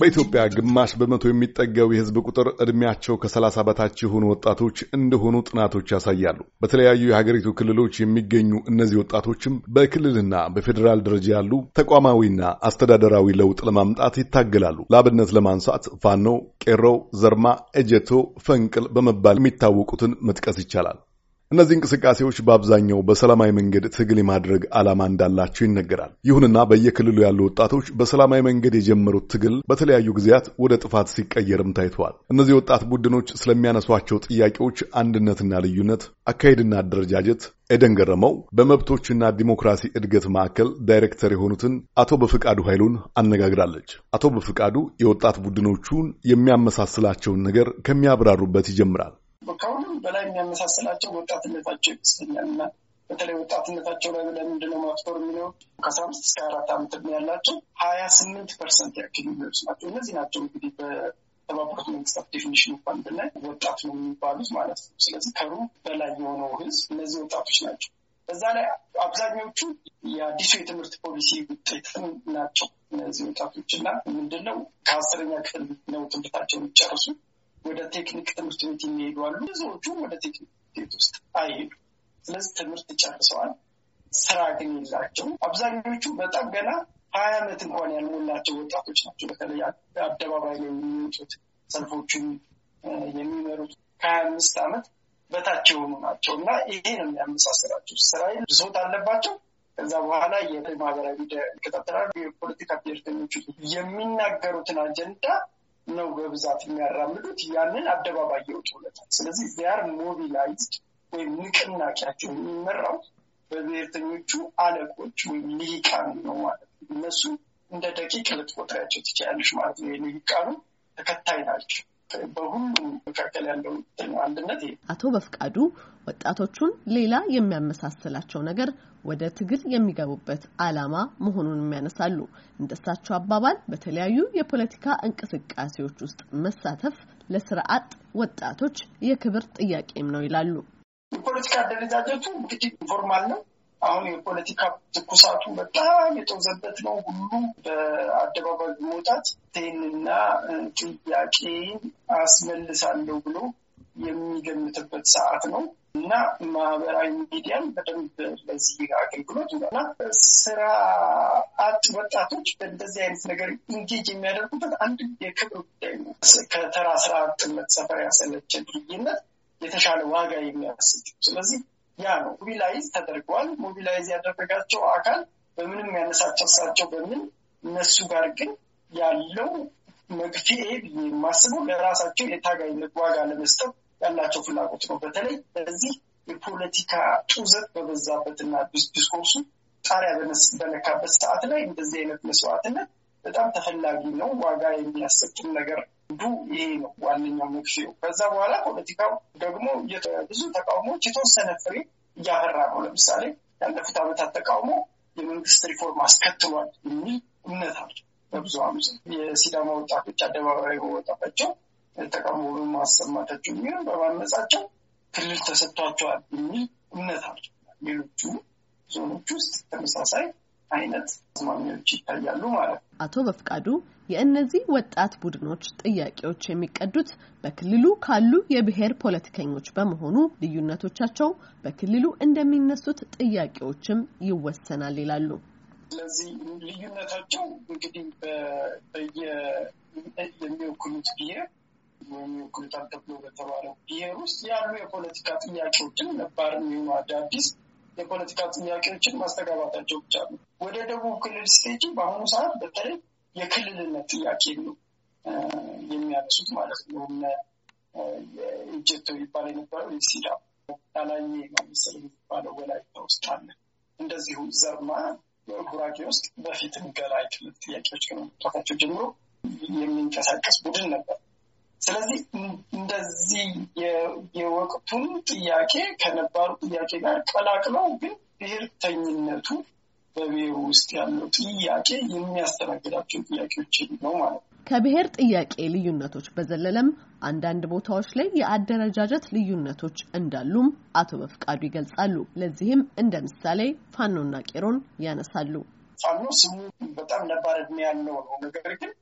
በኢትዮጵያ ግማሽ በመቶ የሚጠገው የህዝብ ቁጥር ዕድሜያቸው ከሰላሳ በታች የሆኑ ወጣቶች እንደሆኑ ጥናቶች ያሳያሉ። በተለያዩ የሀገሪቱ ክልሎች የሚገኙ እነዚህ ወጣቶችም በክልልና በፌዴራል ደረጃ ያሉ ተቋማዊና አስተዳደራዊ ለውጥ ለማምጣት ይታገላሉ። ለአብነት ለማንሳት ፋኖ፣ ቄሮ፣ ዘርማ፣ ኤጀቶ፣ ፈንቅል በመባል የሚታወቁትን መጥቀስ ይቻላል። እነዚህ እንቅስቃሴዎች በአብዛኛው በሰላማዊ መንገድ ትግል የማድረግ ዓላማ እንዳላቸው ይነገራል። ይሁንና በየክልሉ ያሉ ወጣቶች በሰላማዊ መንገድ የጀመሩት ትግል በተለያዩ ጊዜያት ወደ ጥፋት ሲቀየርም ታይተዋል። እነዚህ ወጣት ቡድኖች ስለሚያነሷቸው ጥያቄዎች አንድነትና ልዩነት፣ አካሄድና አደረጃጀት ኤደን ገረመው በመብቶችና ዲሞክራሲ እድገት ማዕከል ዳይሬክተር የሆኑትን አቶ በፍቃዱ ኃይሉን አነጋግራለች። አቶ በፍቃዱ የወጣት ቡድኖቹን የሚያመሳስላቸውን ነገር ከሚያብራሩበት ይጀምራል። በላይ የሚያመሳስላቸው ወጣትነታቸው ይመስለኛል እና በተለይ ወጣትነታቸው ላይ ምንድነው ማፍቶር የሚለው ከአስራ አምስት እስከ አራት ዓመት እድሜ ያላቸው ሀያ ስምንት ፐርሰንት ያክል የሚደርሱ ናቸው። እነዚህ ናቸው እንግዲህ በተባበሩት መንግስታት ዴፊኒሽን እንኳን ብናይ ወጣት ነው የሚባሉት ማለት ነው። ስለዚህ ከሩብ በላይ የሆነው ህዝብ እነዚህ ወጣቶች ናቸው። በዛ ላይ አብዛኞቹ የአዲሱ የትምህርት ፖሊሲ ውጤትም ናቸው። እነዚህ ወጣቶች እና ምንድነው ከአስረኛ ክፍል ነው ትምህርታቸውን የሚጨርሱ ወደ ቴክኒክ ትምህርት ቤት የሚሄዱ አሉ። ብዙዎቹ ወደ ቴክኒክ ቤት ውስጥ አይሄዱ። ስለዚህ ትምህርት ጨርሰዋል፣ ስራ ግን የላቸው። አብዛኞቹ በጣም ገና ሀያ አመት እንኳን ያልሞላቸው ወጣቶች ናቸው። በተለይ አደባባይ ላይ የሚወጡት ሰልፎቹን የሚመሩት ከሀያ አምስት አመት በታች የሆኑ ናቸው እና ይሄ ነው የሚያመሳስላቸው። ስራ ብሶት አለባቸው። ከዛ በኋላ የማህበራዊ ሚዲያ ይከታተላሉ። የፖለቲካ ብሔርተኞቹ የሚናገሩትን አጀንዳ ነው በብዛት የሚያራምዱት። ያንን አደባባይ የውጡለታል። ስለዚህ ዚያር ሞቢላይዝድ ወይም ንቅናቄያቸው የሚመራው በብሔርተኞቹ አለቆች ወይም ልሂቃን ነው ማለት ነው። እነሱ እንደ ደቂቅ ልትቆጥሪያቸው ትችላለች ማለት ነው። የልሂቃኑ ተከታይ ናቸው። በሁሉም መካከል ያለው አንድነት። አቶ በፍቃዱ ወጣቶቹን ሌላ የሚያመሳስላቸው ነገር ወደ ትግል የሚገቡበት ዓላማ መሆኑን የሚያነሳሉ። እንደሳቸው አባባል በተለያዩ የፖለቲካ እንቅስቃሴዎች ውስጥ መሳተፍ ለስርዓት ወጣቶች የክብር ጥያቄም ነው ይላሉ። የፖለቲካ አደረጃጀቱ እንግዲህ ኢንፎርማል ነው አሁን የፖለቲካ ትኩሳቱ በጣም የተውዘበት ነው። ሁሉም በአደባባይ መውጣት ቴንና ጥያቄ አስመልሳለሁ ብሎ የሚገምትበት ሰዓት ነው እና ማህበራዊ ሚዲያን በደንብ ለዚህ አገልግሎት እና ስራ አጥ ወጣቶች በእንደዚህ አይነት ነገር ኢንጌጅ የሚያደርጉበት አንድ የክብር ጉዳይ ነው። ከተራ ስራ አጥነት፣ ሰፈር ያሰለቸ ድርጅነት የተሻለ ዋጋ የሚያስችው ስለዚህ ያ ነው ሞቢላይዝ ተደርገዋል። ሞቢላይዝ ያደረጋቸው አካል በምንም ያነሳቸውሳቸው በምን እነሱ ጋር ግን ያለው መግፊኤ ብዬ የማስበው ለራሳቸው የታጋይነት ዋጋ ለመስጠት ያላቸው ፍላጎት ነው። በተለይ በዚህ የፖለቲካ ጡዘት እና ዲስኮርሱ ጣሪያ በነካበት ሰዓት ላይ እንደዚህ አይነት መስዋዕትነት በጣም ተፈላጊ ነው፣ ዋጋ የሚያሰጡም ነገር አንዱ ይሄ ነው ዋነኛው መፍትሄው። ከዛ በኋላ ፖለቲካው ደግሞ ብዙ ተቃውሞዎች የተወሰነ ፍሬ እያፈራ ነው። ለምሳሌ ያለፉት ዓመታት ተቃውሞ የመንግስት ሪፎርም አስከትሏል የሚል እምነት አለ በብዙ አምስ የሲዳማ ወጣቶች አደባባይ በወጣታቸው ተቃውሞ በማሰማታቸው የሚሆን በማነጻቸው ክልል ተሰጥቷቸዋል የሚል እምነት አለ። ሌሎቹ ዞኖች ውስጥ ተመሳሳይ አይነት አዝማሚያዎች ይታያሉ ማለት ነው። አቶ በፍቃዱ የእነዚህ ወጣት ቡድኖች ጥያቄዎች የሚቀዱት በክልሉ ካሉ የብሔር ፖለቲከኞች በመሆኑ ልዩነቶቻቸው በክልሉ እንደሚነሱት ጥያቄዎችም ይወሰናል ይላሉ። ስለዚህ ልዩነታቸው እንግዲህ የሚወክሉት ብሔር የሚወክሉት አልተብሎ በተባለው ብሔር ውስጥ ያሉ የፖለቲካ ጥያቄዎችን ነባር የሚሆኑ አዳዲስ የፖለቲካ ጥያቄዎችን ማስተጋባታቸው ብቻ ነው። ወደ ደቡብ ክልል ስቴጅ በአሁኑ ሰዓት በተለይ የክልልነት ጥያቄ ነው የሚያነሱት ማለት ነው። እነ እጀቶ ይባል የነበረው የሲዳ ታላዬ ማመሰል የሚባለው ወላይታ ውስጥ አለ። እንደዚሁ ዘርማ ጉራጌ ውስጥ በፊትም ገላ ክልል ጥያቄዎች ከመምጣታቸው ጀምሮ የሚንቀሳቀስ ቡድን ነበር። ስለዚህ እንደዚህ የወቅቱን ጥያቄ ከነባሩ ጥያቄ ጋር ቀላቅለው ግን ብሔርተኝነቱ በብሔሩ ውስጥ ያለው ጥያቄ የሚያስተናግዳቸው ጥያቄዎችን ነው ማለት ነው። ከብሔር ጥያቄ ልዩነቶች በዘለለም አንዳንድ ቦታዎች ላይ የአደረጃጀት ልዩነቶች እንዳሉም አቶ በፍቃዱ ይገልጻሉ። ለዚህም እንደ ምሳሌ ፋኖና ቄሮን ያነሳሉ። ፋኖ ስሙ በጣም ነባር እድሜ ያለው ነው። ነገር ግን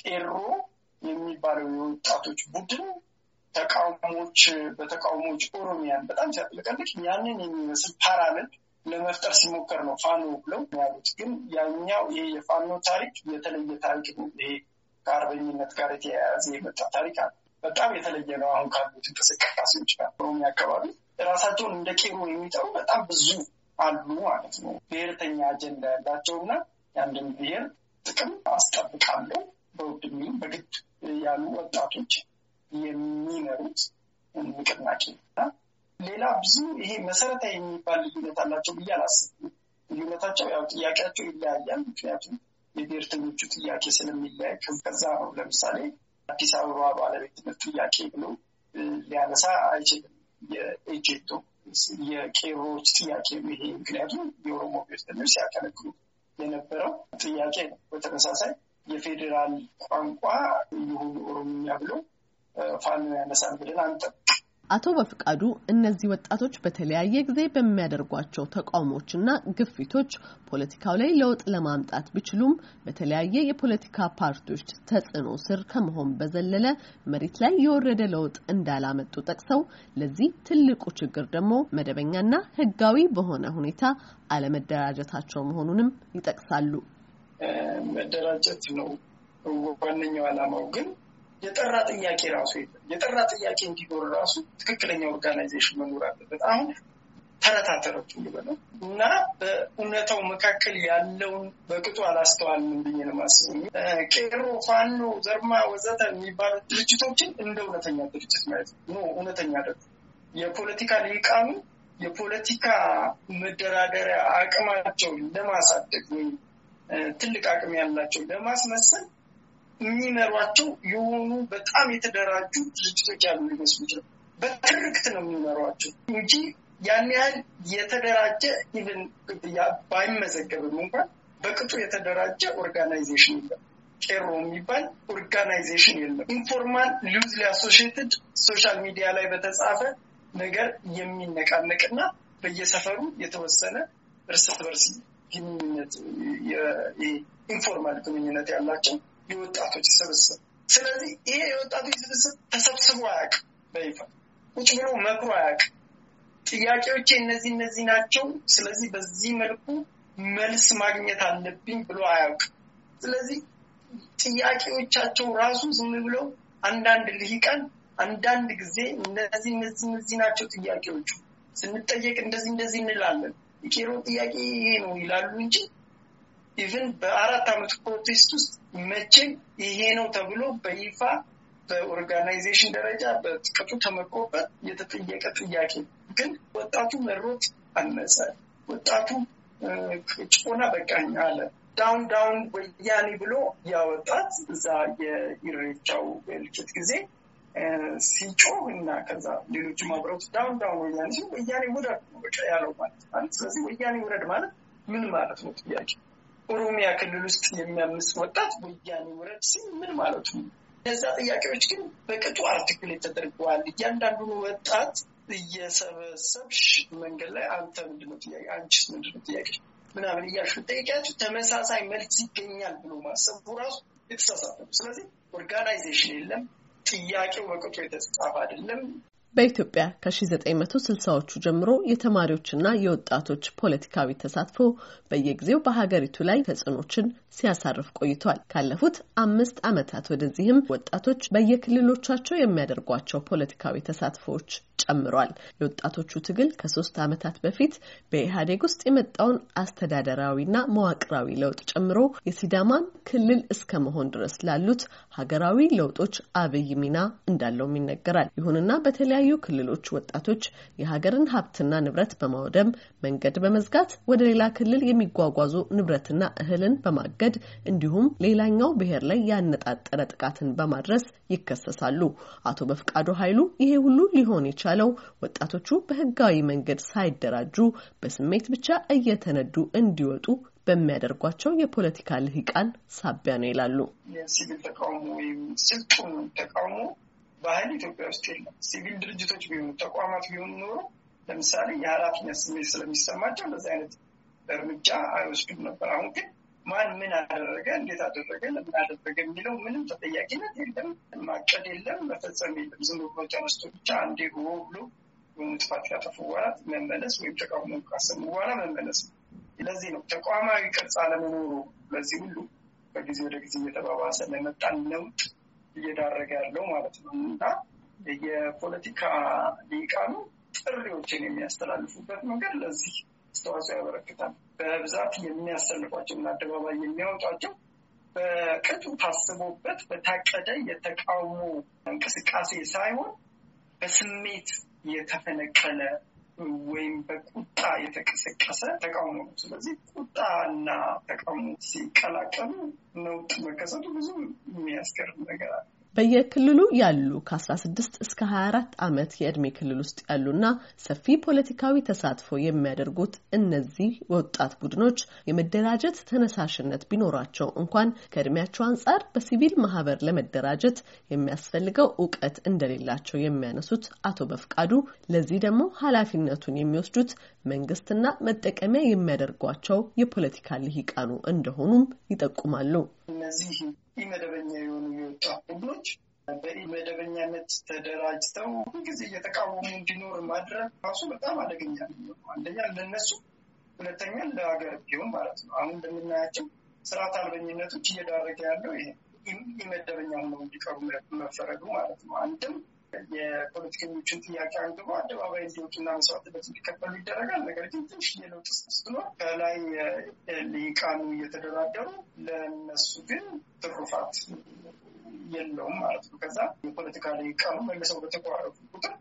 ቄሮ የሚባለው የወጣቶች ቡድን ተቃውሞች በተቃውሞዎች ኦሮሚያን በጣም ሲያጥለቀልቅ ያንን የሚመስል ፓራለል ለመፍጠር ሲሞከር ነው ፋኖ ብለው ያሉት። ግን ያኛው ይሄ የፋኖ ታሪክ የተለየ ታሪክ ነው። ይሄ ከአርበኝነት ጋር የተያያዘ የመጣ ታሪክ አለ። በጣም የተለየ ነው። አሁን ካሉት እንቅስቃሴዎች ጋር ኦሮሚያ አካባቢ ራሳቸውን እንደ ቄሮ የሚጠሩ በጣም ብዙ አሉ ማለት ነው። ብሔርተኛ አጀንዳ ያላቸውና የአንድን ብሔር ጥቅም አስጠብቃለሁ በውድሜ በግድ ያሉ ወጣቶች የሚመሩት ንቅናቄ እና ሌላ ብዙ ይሄ መሰረታዊ የሚባል ልዩነት አላቸው ብዬ አላስብም። ልዩነታቸው ያው ጥያቄያቸው ይለያያል። ምክንያቱም የብሔርተኞቹ ጥያቄ ስለሚለያይ ከዛ ነው። ለምሳሌ አዲስ አበባ ባለቤትነት ጥያቄ ብሎ ሊያነሳ አይችልም። የኤጀቶ የቄሮዎች ጥያቄ ይሄ ምክንያቱም የኦሮሞ ብሔርተኞች ሲያከለክሉ የነበረው ጥያቄ ነው። በተመሳሳይ የፌዴራል ቋንቋ ይሁን ኦሮምኛ ብሎ ፋኖ ያነሳል ብለን አንጠብቅ። አቶ በፍቃዱ እነዚህ ወጣቶች በተለያየ ጊዜ በሚያደርጓቸው ተቃውሞችና ግፊቶች ፖለቲካው ላይ ለውጥ ለማምጣት ቢችሉም በተለያየ የፖለቲካ ፓርቲዎች ተጽዕኖ ስር ከመሆን በዘለለ መሬት ላይ የወረደ ለውጥ እንዳላመጡ ጠቅሰው ለዚህ ትልቁ ችግር ደግሞ መደበኛና ሕጋዊ በሆነ ሁኔታ አለመደራጀታቸው መሆኑንም ይጠቅሳሉ። መደራጀት ነው ዋነኛው ዓላማው። ግን የጠራ ጥያቄ ራሱ የጠራ ጥያቄ እንዲኖር ራሱ ትክክለኛ ኦርጋናይዜሽን መኖር አለበት። አሁን ተረታተረች ልበለው እና በእውነታው መካከል ያለውን በቅጡ አላስተዋልንም ብዬ ነው የማስበው። ቄሮ፣ ፋኖ፣ ዘርማ ወዘተ የሚባሉ ድርጅቶችን እንደ እውነተኛ ድርጅት ማለት ነው። እውነተኛ ደ የፖለቲካ ልሂቃኑ የፖለቲካ መደራደሪያ አቅማቸውን ለማሳደግ ወይም ትልቅ አቅም ያላቸው ለማስመሰል የሚመሯቸው የሆኑ በጣም የተደራጁ ድርጅቶች ያሉ ሊመስሉ ይችላል። በትርክት ነው የሚመሯቸው እንጂ ያን ያህል የተደራጀ ኢቨን ባይመዘገብም እንኳን በቅጡ የተደራጀ ኦርጋናይዜሽን የለም። ቄሮ የሚባል ኦርጋናይዜሽን የለም። ኢንፎርማል ሉዝሊ አሶሽየትድ ሶሻል ሚዲያ ላይ በተጻፈ ነገር የሚነቃነቅና በየሰፈሩ የተወሰነ እርስ በርስ ግንኙነት ኢንፎርማል ግንኙነት ያላቸው የወጣቶች ስብስብ። ስለዚህ ይሄ የወጣቶች ስብስብ ተሰብስቦ አያውቅም። በይፋ ቁጭ ብሎ መክሮ አያውቅም። ጥያቄዎቼ እነዚህ እነዚህ ናቸው፣ ስለዚህ በዚህ መልኩ መልስ ማግኘት አለብኝ ብሎ አያውቅ። ስለዚህ ጥያቄዎቻቸው ራሱ ዝም ብለው አንዳንድ ልሂቃን አንዳንድ ጊዜ እነዚህ እነዚህ እነዚህ ናቸው ጥያቄዎቹ፣ ስንጠየቅ እንደዚህ እንደዚህ እንላለን የቄሮን ጥያቄ ይሄ ነው ይላሉ እንጂ ኢቨን በአራት ዓመት ፕሮቴስት ውስጥ መቼም ይሄ ነው ተብሎ በይፋ በኦርጋናይዜሽን ደረጃ በጥቅቱ ተመቆበት የተጠየቀ ጥያቄ ግን ወጣቱ መሮት አነሰ። ወጣቱ ጭቆና በቃኝ አለ። ዳውን ዳውን ወያኔ ብሎ ያወጣት እዛ የኢሬቻው ልጭት ጊዜ ሲጮህ እና ከዛ ሌሎች አብረውት ዳውን ዳውን ወያኔ ሲሉ ወያኔ ውረድ ነው ያለው ማለት ማለት። ስለዚህ ወያኔ ውረድ ማለት ምን ማለት ነው ጥያቄ። ኦሮሚያ ክልል ውስጥ የሚያምስ ወጣት ወያኔ ውረድ ሲል ምን ማለት ነው? እነዛ ጥያቄዎች ግን በቅጡ አርቲክል ተደርገዋል። እያንዳንዱን ወጣት እየሰበሰብሽ መንገድ ላይ አንተ ምንድነው ጥያቄ፣ አንቺስ ምንድነው ጥያቄ ምናምን እያሹ ጠይቂያቸው ተመሳሳይ መልስ ይገኛል ብሎ ማሰቡ ራሱ የተሳሳተ ነው። ስለዚህ ኦርጋናይዜሽን የለም ጥያቄው በቅጡ የተጻፈ አይደለም። በኢትዮጵያ ከ1960ዎቹ ጀምሮ የተማሪዎችና የወጣቶች ፖለቲካዊ ተሳትፎ በየጊዜው በሀገሪቱ ላይ ተጽዕኖችን ሲያሳርፍ ቆይቷል። ካለፉት አምስት ዓመታት ወደዚህም ወጣቶች በየክልሎቻቸው የሚያደርጓቸው ፖለቲካዊ ተሳትፎዎች ጨምሯል። የወጣቶቹ ትግል ከሶስት ዓመታት በፊት በኢህአዴግ ውስጥ የመጣውን አስተዳደራዊና መዋቅራዊ ለውጥ ጨምሮ የሲዳማን ክልል እስከ መሆን ድረስ ላሉት ሀገራዊ ለውጦች አብይ ሚና እንዳለውም ይነገራል። ይሁንና በተለያ የተለያዩ ክልሎች ወጣቶች የሀገርን ሀብትና ንብረት በማውደም መንገድ በመዝጋት ወደ ሌላ ክልል የሚጓጓዙ ንብረትና እህልን በማገድ እንዲሁም ሌላኛው ብሔር ላይ ያነጣጠረ ጥቃትን በማድረስ ይከሰሳሉ። አቶ በፍቃዱ ኃይሉ ይሄ ሁሉ ሊሆን የቻለው ወጣቶቹ በህጋዊ መንገድ ሳይደራጁ በስሜት ብቻ እየተነዱ እንዲወጡ በሚያደርጓቸው የፖለቲካ ልሂቃን ሳቢያ ነው ይላሉ። የሲቪል ተቃውሞ ወይም ስልጡን ተቃውሞ ባህል ኢትዮጵያ ውስጥ የለም። ሲቪል ድርጅቶች ቢሆኑ ተቋማት ቢሆኑ ኖሮ ለምሳሌ የኃላፊነት ስሜት ስለሚሰማቸው እንደዚህ አይነት እርምጃ አይወስዱም ነበር። አሁን ግን ማን ምን አደረገ፣ እንዴት አደረገ፣ ለምን አደረገ የሚለው ምንም ተጠያቂነት የለም፣ ማቀድ የለም፣ መፈጸም የለም። ዝም ብሎ ተነስቶ ብቻ አንዴ ሆ ብሎ ጥፋት ካጠፉ በኋላ መመለስ ወይም ተቃውሞ ካሰሙ በኋላ መመለስ ነው። ለዚህ ነው ተቋማዊ ቅርጽ አለመኖሩ ለዚህ ሁሉ በጊዜ ወደ ጊዜ እየተባባሰ ለመጣን ለውጥ እየዳረገ ያለው ማለት ነው እና የፖለቲካ ሊቃኑ ጥሪዎችን የሚያስተላልፉበት መንገድ ለዚህ አስተዋጽኦ ያበረክታል። በብዛት የሚያሰልፏቸው እና አደባባይ የሚያወጧቸው በቅጡ ታስቦበት በታቀደ የተቃውሞ እንቅስቃሴ ሳይሆን በስሜት የተፈነቀለ ወይም በቁጣ የተቀሰቀሰ ተቃውሞ ነው። ስለዚህ ቁጣና ተቃውሞ ሲቀላቀሉ ነውጥ መከሰቱ ብዙም የሚያስገርም ነገር አለ። በየክልሉ ያሉ ከ16 እስከ 24 ዓመት የዕድሜ ክልል ውስጥ ያሉና ሰፊ ፖለቲካዊ ተሳትፎ የሚያደርጉት እነዚህ ወጣት ቡድኖች የመደራጀት ተነሳሽነት ቢኖራቸው እንኳን ከእድሜያቸው አንጻር በሲቪል ማህበር ለመደራጀት የሚያስፈልገው እውቀት እንደሌላቸው የሚያነሱት አቶ በፍቃዱ ለዚህ ደግሞ ኃላፊነቱን የሚወስዱት መንግስትና መጠቀሚያ የሚያደርጓቸው የፖለቲካ ልሂቃኑ እንደሆኑም ይጠቁማሉ። እነዚህ ኢመደበኛ የሆኑ የወጣት ቡድኖች በኢመደበኛነት ተደራጅተው ሁልጊዜ እየተቃወሙ እንዲኖር ማድረግ ራሱ በጣም አደገኛ ነው። አንደኛ ለነሱ፣ ሁለተኛ ለሀገር ቢሆን ማለት ነው። አሁን እንደምናያቸው ስርዓት አልበኝነቶች እየዳረገ ያለው ይሄ ኢመደበኛ ነው እንዲቀሩ መፈረዱ ማለት ነው። አንድም የፖለቲከኞችን ጥያቄ አንግቦ አደባባይ እንዲወጡና መስዋዕትነት እንዲከፈሉ ይደረጋል። ነገር ግን ትንሽ የለውጥ ስስ ብሎ ከላይ ሊቃኑ እየተደራደሩ ለነሱ ግን ትሩፋት የለውም ማለት ነው። ከዛ የፖለቲካ ሊቃኑ መልሰው በተቋረጡ ቁጥር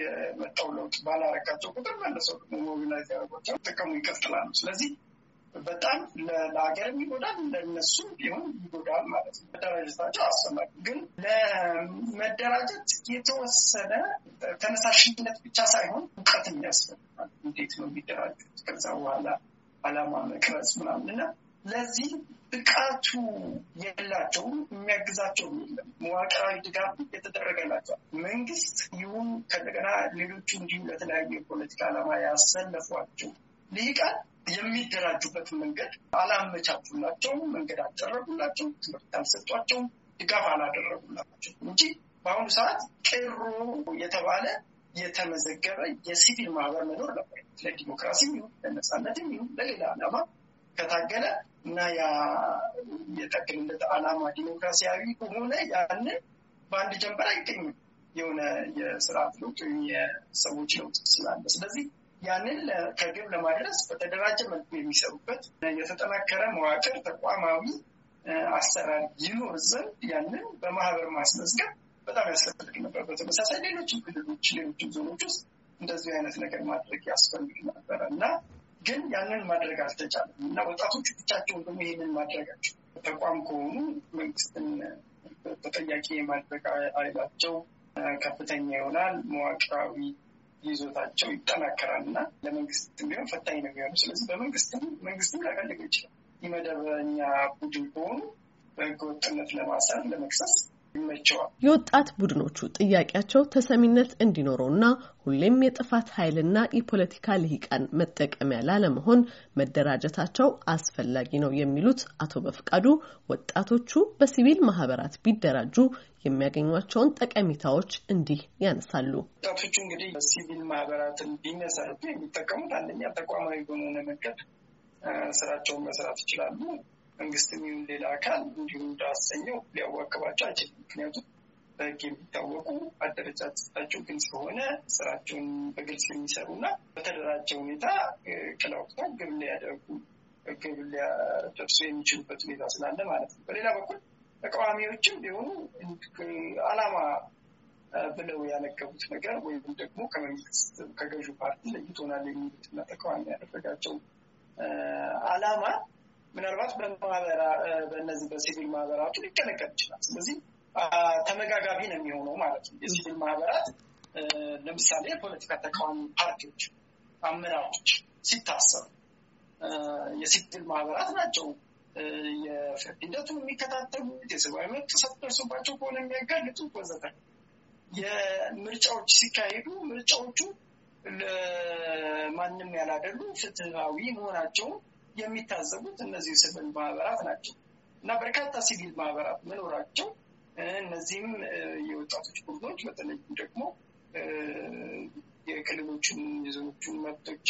የመጣው ለውጥ ባላረካቸው ቁጥር መልሰው ሞቢላይዝ ያደረጓቸው ጥቅሙ ይቀጥላሉ። ስለዚህ በጣም ለሀገር ይጎዳል፣ ለነሱ ቢሆን ይጎዳል ማለት ነው። መደራጀታቸው አስፈላጊ ግን ለመደራጀት የተወሰነ ተነሳሽነት ብቻ ሳይሆን እውቀት የሚያስፈልጋል። እንዴት ነው የሚደራጁት? ከዛ በኋላ አላማ መቅረጽ ምናምን እና ለዚህ ብቃቱ የላቸውም። የሚያግዛቸው የለም። መዋቅራዊ ድጋፍ የተደረገላቸው መንግስት ይሁን ከእንደገና ሌሎቹ እንዲሁ ለተለያዩ የፖለቲካ ዓላማ ያሰለፏቸው ልሂቃን የሚደራጁበትን መንገድ አላመቻቹላቸውም፣ መንገድ አልጠረጉላቸውም፣ ትምህርት አልሰጧቸውም፣ ድጋፍ አላደረጉላቸው እንጂ በአሁኑ ሰዓት ቅሩ የተባለ የተመዘገበ የሲቪል ማህበር መኖር ነበር። ለዲሞክራሲም ይሁን ይሁን ለሌላ ዓላማ ከታገለ እና ያ የጠቅልለት ዓላማ ዲሞክራሲያዊ ከሆነ ያንን በአንድ ጀንበር አይገኝም። የሆነ የስርዓት ለውጥ ወይም የሰዎች ለውጥ ስላለ ስለዚህ ያንን ከግብ ለማድረስ በተደራጀ መልኩ የሚሰሩበት የተጠናከረ መዋቅር ተቋማዊ አሰራር ይኖር ዘንድ ያንን በማህበር ማስመዝገብ በጣም ያስፈልግ ነበር። በተመሳሳይ ሌሎችም ክልሎች፣ ሌሎችም ዞኖች ውስጥ እንደዚህ አይነት ነገር ማድረግ ያስፈልግ ነበረ እና ግን ያንን ማድረግ አልተቻለም እና ወጣቶቹ ብቻቸውን ደግሞ ይህንን ማድረጋቸው ተቋም ከሆኑ መንግስትን ተጠያቂ የማድረግ አይላቸው ከፍተኛ ይሆናል። መዋቅራዊ ይዞታቸው ይጠናከራልና ለመንግስት ለመንግስትም ቢሆን ፈታኝ ነው የሚሆኑ። ስለዚህ በመንግስትም መንግስትም ላይፈልግ ይችላል። የመደበኛ ቡድን ከሆኑ በህገወጥነት ለማሰር ለመክሰስ ይመቸዋል። የወጣት ቡድኖቹ ጥያቄያቸው ተሰሚነት እንዲኖረውና ሁሌም የጥፋት ኃይልና የፖለቲካ ልሂቃን መጠቀሚያ ላለመሆን መደራጀታቸው አስፈላጊ ነው የሚሉት አቶ በፍቃዱ ወጣቶቹ በሲቪል ማህበራት ቢደራጁ የሚያገኟቸውን ጠቀሜታዎች እንዲህ ያነሳሉ። ወጣቶቹ እንግዲህ በሲቪል ማህበራትን ቢመሰርቱ የሚጠቀሙት አንደኛ ተቋማዊ በሆነ መንገድ ስራቸውን መስራት ይችላሉ። መንግስትም ይሁን ሌላ አካል እንዲሁም እንዳሰኘው ሊያዋክባቸው አይችልም። ምክንያቱም በህግ የሚታወቁ አደረጃጀታቸው ግን ስለሆነ ስራቸውን በግልጽ የሚሰሩ እና በተደራጀ ሁኔታ ቀላውጥተው ግብ ሊያደርጉ ግብ ሊያደርሱ የሚችሉበት ሁኔታ ስላለ ማለት ነው። በሌላ በኩል ተቃዋሚዎችም ቢሆኑ አላማ ብለው ያነገቡት ነገር ወይም ደግሞ ከመንግስት ከገዢው ፓርቲ ለይቶናል የሚሉትና ተቃዋሚ ያደረጋቸው አላማ ምናልባት በእነዚህ በሲቪል ማህበራቱ ሊቀነቀን ይችላል። ስለዚህ ተመጋጋቢ ነው የሚሆነው ማለት ነው። የሲቪል ማህበራት ለምሳሌ የፖለቲካ ተቃዋሚ ፓርቲዎች አመራሮች ሲታሰሩ የሲቪል ማህበራት ናቸው የፍርድ ሂደቱን የሚከታተሉት፣ የሰብአዊ መብት ጥሰት ደርሶባቸው ከሆነ የሚያጋልጡ ወዘተ። የምርጫዎች ሲካሄዱ ምርጫዎቹ ለማንም ያላደሉ ፍትሃዊ መሆናቸውን የሚታዘቡት እነዚህ ሲቪል ማህበራት ናቸው እና በርካታ ሲቪል ማህበራት መኖራቸው እነዚህም የወጣቶች ቡድኖች በተለይም ደግሞ የክልሎችን የዞኖችን መብቶች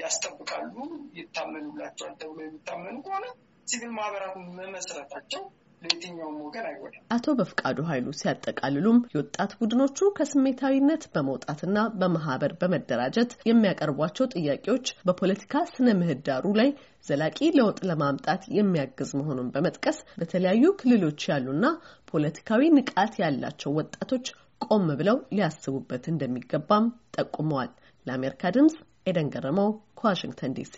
ያስጠብቃሉ፣ ይታመኑላቸዋል ተብሎ የሚታመኑ ከሆነ ሲቪል ማህበራት መመስረታቸው ለየትኛውም ወገን አይጎዳም። አቶ በፍቃዱ ኃይሉ ሲያጠቃልሉም የወጣት ቡድኖቹ ከስሜታዊነት በመውጣትና በማህበር በመደራጀት የሚያቀርቧቸው ጥያቄዎች በፖለቲካ ስነ ምህዳሩ ላይ ዘላቂ ለውጥ ለማምጣት የሚያግዝ መሆኑን በመጥቀስ በተለያዩ ክልሎች ያሉና ፖለቲካዊ ንቃት ያላቸው ወጣቶች ቆም ብለው ሊያስቡበት እንደሚገባም ጠቁመዋል። ለአሜሪካ ድምጽ ኤደን ገረመው ከዋሽንግተን ዲሲ